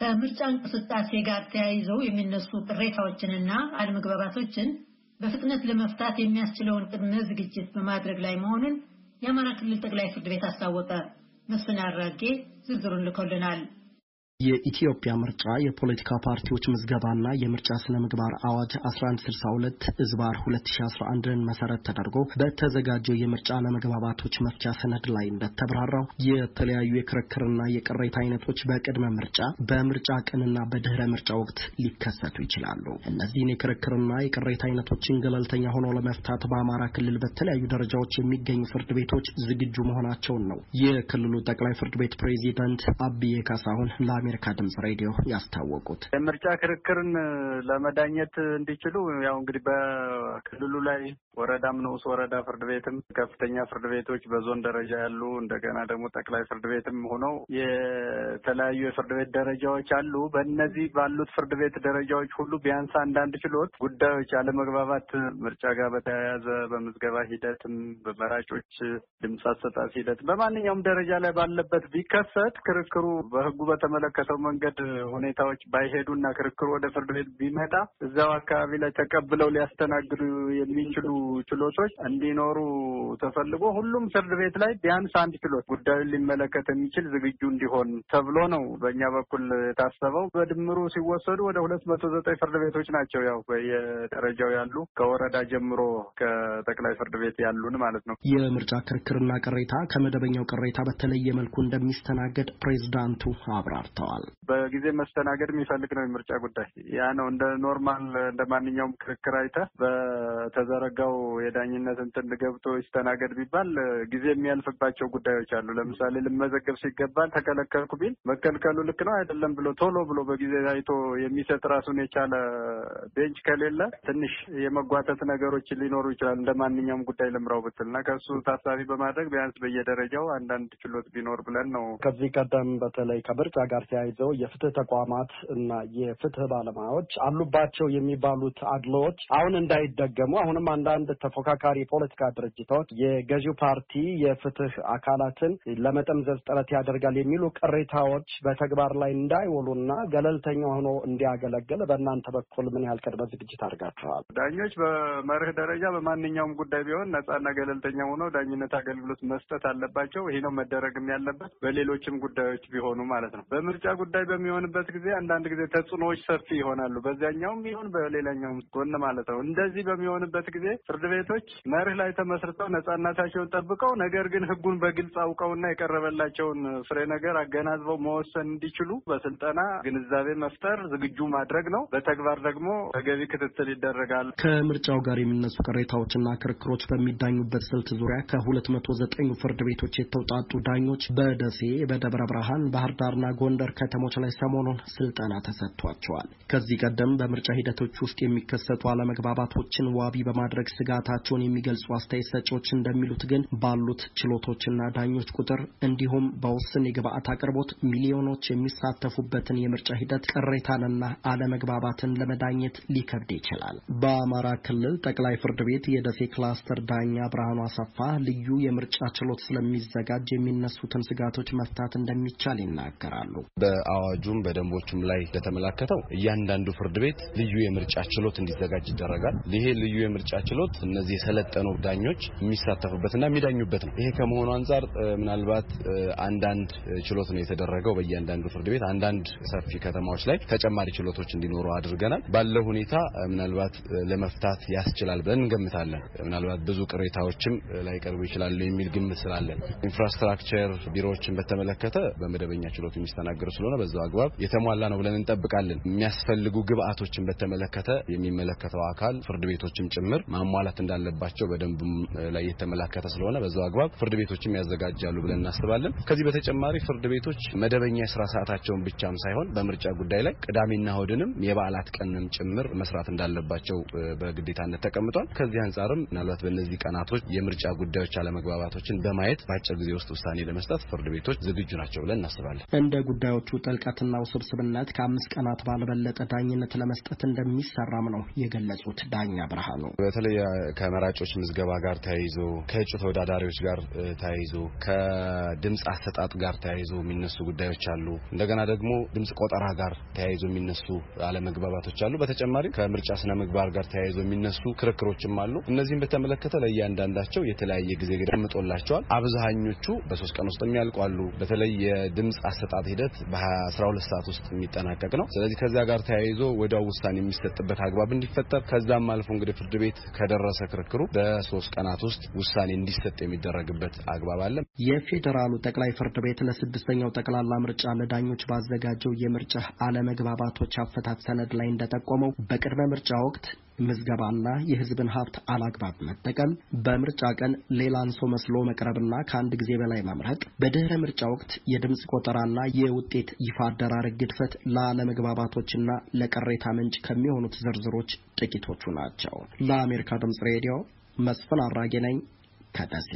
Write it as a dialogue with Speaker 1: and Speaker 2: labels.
Speaker 1: ከምርጫ እንቅስቃሴ ጋር ተያይዘው የሚነሱ ቅሬታዎችንና አለመግባባቶችን በፍጥነት ለመፍታት የሚያስችለውን ቅድመ ዝግጅት በማድረግ ላይ መሆኑን የአማራ ክልል ጠቅላይ ፍርድ ቤት አስታወቀ። መስፍን አራጌ ዝርዝሩን ልኮልናል። የኢትዮጵያ ምርጫ የፖለቲካ ፓርቲዎች ምዝገባና የምርጫ ስነ ምግባር አዋጅ 1162 እዝባር 2011ን መሰረት ተደርጎ በተዘጋጀው የምርጫ ለመግባባቶች መፍቻ ሰነድ ላይ እንደተብራራው የተለያዩ የክርክርና የቅሬታ አይነቶች በቅድመ ምርጫ፣ በምርጫ ቀንና በድህረ ምርጫ ወቅት ሊከሰቱ ይችላሉ። እነዚህን የክርክርና የቅሬታ አይነቶችን ገለልተኛ ሆኖ ለመፍታት በአማራ ክልል በተለያዩ ደረጃዎች የሚገኙ ፍርድ ቤቶች ዝግጁ መሆናቸውን ነው የክልሉ ጠቅላይ ፍርድ ቤት ፕሬዚዳንት አብዬ ካሳሁን ለአሜሪካ ድምጽ ሬዲዮ ያስታወቁት።
Speaker 2: የምርጫ ክርክርን ለመዳኘት እንዲችሉ ያው እንግዲህ በክልሉ ላይ ወረዳም፣ ንዑስ ወረዳ ፍርድ ቤትም፣ ከፍተኛ ፍርድ ቤቶች በዞን ደረጃ ያሉ እንደገና ደግሞ ጠቅላይ ፍርድ ቤትም ሆነው የተለያዩ የፍርድ ቤት ደረጃዎች አሉ። በእነዚህ ባሉት ፍርድ ቤት ደረጃዎች ሁሉ ቢያንስ አንዳንድ ችሎት ጉዳዮች አለመግባባት ምርጫ ጋር በተያያዘ በምዝገባ ሂደትም በመራጮች ድምፅ አሰጣጥ ሂደት በማንኛውም ደረጃ ላይ ባለበት ቢከሰት ክርክሩ በሕጉ በተመለከ በተመለከተው መንገድ ሁኔታዎች ባይሄዱና ክርክሩ ወደ ፍርድ ቤት ቢመጣ እዛው አካባቢ ላይ ተቀብለው ሊያስተናግዱ የሚችሉ ችሎቶች እንዲኖሩ ተፈልጎ ሁሉም ፍርድ ቤት ላይ ቢያንስ አንድ ችሎት ጉዳዩን ሊመለከት የሚችል ዝግጁ እንዲሆን ተብሎ ነው በእኛ በኩል የታሰበው። በድምሩ ሲወሰዱ ወደ ሁለት መቶ ዘጠኝ ፍርድ ቤቶች ናቸው ያው በየደረጃው ያሉ ከወረዳ ጀምሮ ከጠቅላይ ፍርድ ቤት ያሉን ማለት ነው።
Speaker 1: የምርጫ ክርክርና ቅሬታ ከመደበኛው ቅሬታ በተለየ መልኩ እንደሚስተናገድ ፕሬዝዳንቱ አብራርተዋል። ገልጸዋል።
Speaker 2: በጊዜ መስተናገድ የሚፈልግ ነው የምርጫ ጉዳይ። ያ ነው እንደ ኖርማል እንደ ማንኛውም ክርክር አይተ በተዘረጋው የዳኝነት እንትን ገብቶ ይስተናገድ ቢባል ጊዜ የሚያልፍባቸው ጉዳዮች አሉ። ለምሳሌ ልመዘገብ ሲገባል ተከለከልኩ ቢል መከልከሉ ልክ ነው አይደለም ብሎ ቶሎ ብሎ በጊዜ አይቶ የሚሰጥ ራሱን የቻለ ቤንች ከሌለ ትንሽ የመጓተት ነገሮች ሊኖሩ ይችላል። እንደ ማንኛውም ጉዳይ ልምራው ብትል እና ከእሱ ታሳቢ በማድረግ ቢያንስ በየደረጃው አንዳንድ ችሎት ቢኖር ብለን ነው። ከዚህ ቀደም በተለይ ከምርጫ ጋር ተያይዘው የፍትህ ተቋማት እና የፍትህ ባለሙያዎች አሉባቸው የሚባሉት አድሎዎች አሁን
Speaker 1: እንዳይደገሙ አሁንም አንዳንድ ተፎካካሪ የፖለቲካ ድርጅቶች የገዢው ፓርቲ የፍትህ አካላትን ለመጠምዘዝ ጥረት ያደርጋል የሚሉ ቅሬታዎች በተግባር ላይ እንዳይውሉና ገለልተኛ ሆኖ እንዲያገለግል በእናንተ በኩል ምን ያህል ቅድመ ዝግጅት አድርጋችኋል?
Speaker 2: ዳኞች በመርህ ደረጃ በማንኛውም ጉዳይ ቢሆን ነጻና ገለልተኛ ሆኖ ዳኝነት አገልግሎት መስጠት አለባቸው። ይሄ ነው መደረግም ያለበት በሌሎችም ጉዳዮች ቢሆኑ ማለት ነው። የምርጫ ጉዳይ በሚሆንበት ጊዜ አንዳንድ ጊዜ ተጽዕኖዎች ሰፊ ይሆናሉ። በዚያኛውም ይሁን በሌላኛውም ጎን ማለት ነው። እንደዚህ በሚሆንበት ጊዜ ፍርድ ቤቶች መርህ ላይ ተመስርተው ነጻነታቸውን ጠብቀው ነገር ግን ህጉን በግልጽ አውቀውና የቀረበላቸውን ፍሬ ነገር አገናዝበው መወሰን እንዲችሉ በስልጠና ግንዛቤ መፍጠር፣ ዝግጁ ማድረግ ነው። በተግባር ደግሞ ተገቢ ክትትል ይደረጋል።
Speaker 1: ከምርጫው ጋር የሚነሱ ቅሬታዎችና ክርክሮች በሚዳኙበት ስልት ዙሪያ ከሁለት መቶ ዘጠኝ ፍርድ ቤቶች የተውጣጡ ዳኞች በደሴ፣ በደብረ ብርሃን፣ ባህር ዳርና ጎንደር አስተዳደር ከተሞች ላይ ሰሞኑን ስልጠና ተሰጥቷቸዋል። ከዚህ ቀደም በምርጫ ሂደቶች ውስጥ የሚከሰቱ አለመግባባቶችን ዋቢ በማድረግ ስጋታቸውን የሚገልጹ አስተያየት ሰጪዎች እንደሚሉት ግን ባሉት ችሎቶችና ዳኞች ቁጥር እንዲሁም በውስን የግብአት አቅርቦት ሚሊዮኖች የሚሳተፉበትን የምርጫ ሂደት ቅሬታንና አለመግባባትን ለመዳኘት ሊከብድ ይችላል። በአማራ ክልል ጠቅላይ ፍርድ ቤት የደሴ ክላስተር ዳኛ ብርሃኑ አሰፋ ልዩ የምርጫ ችሎት
Speaker 3: ስለሚዘጋጅ የሚነሱትን ስጋቶች መፍታት እንደሚቻል ይናገራሉ። በአዋጁም በደንቦቹም ላይ እንደተመላከተው እያንዳንዱ ፍርድ ቤት ልዩ የምርጫ ችሎት እንዲዘጋጅ ይደረጋል። ይሄ ልዩ የምርጫ ችሎት እነዚህ የሰለጠኑ ዳኞች የሚሳተፉበትና የሚዳኙበት ነው። ይሄ ከመሆኑ አንጻር ምናልባት አንዳንድ ችሎት ነው የተደረገው በእያንዳንዱ ፍርድ ቤት አንዳንድ ሰፊ ከተማዎች ላይ ተጨማሪ ችሎቶች እንዲኖሩ አድርገናል። ባለው ሁኔታ ምናልባት ለመፍታት ያስችላል ብለን እንገምታለን። ምናልባት ብዙ ቅሬታዎችም ላይቀርቡ ይችላሉ የሚል ግምት ስላለን ኢንፍራስትራክቸር ቢሮዎችን በተመለከተ በመደበኛ ችሎት የሚስተናግዱ ስለሆነ በዛው አግባብ የተሟላ ነው ብለን እንጠብቃለን። የሚያስፈልጉ ግብአቶችን በተመለከተ የሚመለከተው አካል ፍርድ ቤቶችም ጭምር ማሟላት እንዳለባቸው በደንብ ላይ የተመላከተ ስለሆነ በዛው አግባብ ፍርድ ቤቶችም ያዘጋጃሉ ብለን እናስባለን። ከዚህ በተጨማሪ ፍርድ ቤቶች መደበኛ የስራ ሰዓታቸውን ብቻም ሳይሆን በምርጫ ጉዳይ ላይ ቅዳሜና እሁድንም የበዓላት ቀንም ጭምር መስራት እንዳለባቸው በግዴታነት ተቀምጧል። ከዚህ አንጻርም ምናልባት በእነዚህ ቀናቶች የምርጫ ጉዳዮች አለመግባባቶችን በማየት በአጭር ጊዜ ውስጥ ውሳኔ ለመስጠት ፍርድ ቤቶች ዝግጁ ናቸው ብለን እናስባለን።
Speaker 1: እንደ ጉዳዩ ለጉዳዮቹ ጥልቀትና ውስብስብነት ከአምስት ቀናት ባልበለጠ ዳኝነት ለመስጠት እንደሚሰራም ነው የገለጹት። ዳኛ
Speaker 3: ብርሃኑ በተለይ ከመራጮች ምዝገባ ጋር ተያይዞ ከእጩ ተወዳዳሪዎች ጋር ተያይዞ ከድምፅ አሰጣጥ ጋር ተያይዞ የሚነሱ ጉዳዮች አሉ። እንደገና ደግሞ ድምፅ ቆጠራ ጋር ተያይዞ የሚነሱ አለመግባባቶች አሉ። በተጨማሪም ከምርጫ ስነ ምግባር ጋር ተያይዞ የሚነሱ ክርክሮችም አሉ። እነዚህም በተመለከተ ለእያንዳንዳቸው የተለያየ ጊዜ ገደብ ተቀምጦላቸዋል። አብዛኞቹ በሶስት ቀን ውስጥ የሚያልቋሉ። በተለይ የድምፅ አሰጣጥ ሂደት በ12 ሰዓት ውስጥ የሚጠናቀቅ ነው። ስለዚህ ከዚያ ጋር ተያይዞ ወዲያው ውሳኔ የሚሰጥበት አግባብ እንዲፈጠር ከዛም አልፎ እንግዲህ ፍርድ ቤት ከደረሰ ክርክሩ በሶስት ቀናት ውስጥ ውሳኔ እንዲሰጥ የሚደረግበት አግባብ አለ።
Speaker 1: የፌዴራሉ ጠቅላይ ፍርድ ቤት ለስድስተኛው ጠቅላላ ምርጫ ለዳኞች ባዘጋጀው የምርጫ አለመግባባቶች አፈታት ሰነድ ላይ እንደጠቆመው በቅድመ ምርጫ ወቅት ምዝገባና የህዝብን ሀብት አላግባብ መጠቀም፣ በምርጫ ቀን ሌላን ሰው መስሎ መቅረብና ከአንድ ጊዜ በላይ መምረጥ፣ በድህረ ምርጫ ወቅት የድምፅ ቆጠራና የውጤት ይፋ አደራረግ ግድፈት ለአለመግባባቶችና ለቅሬታ ምንጭ ከሚሆኑት ዝርዝሮች ጥቂቶቹ ናቸው። ለአሜሪካ ድምፅ ሬዲዮ መስፍን አራጌ ነኝ ከደሴ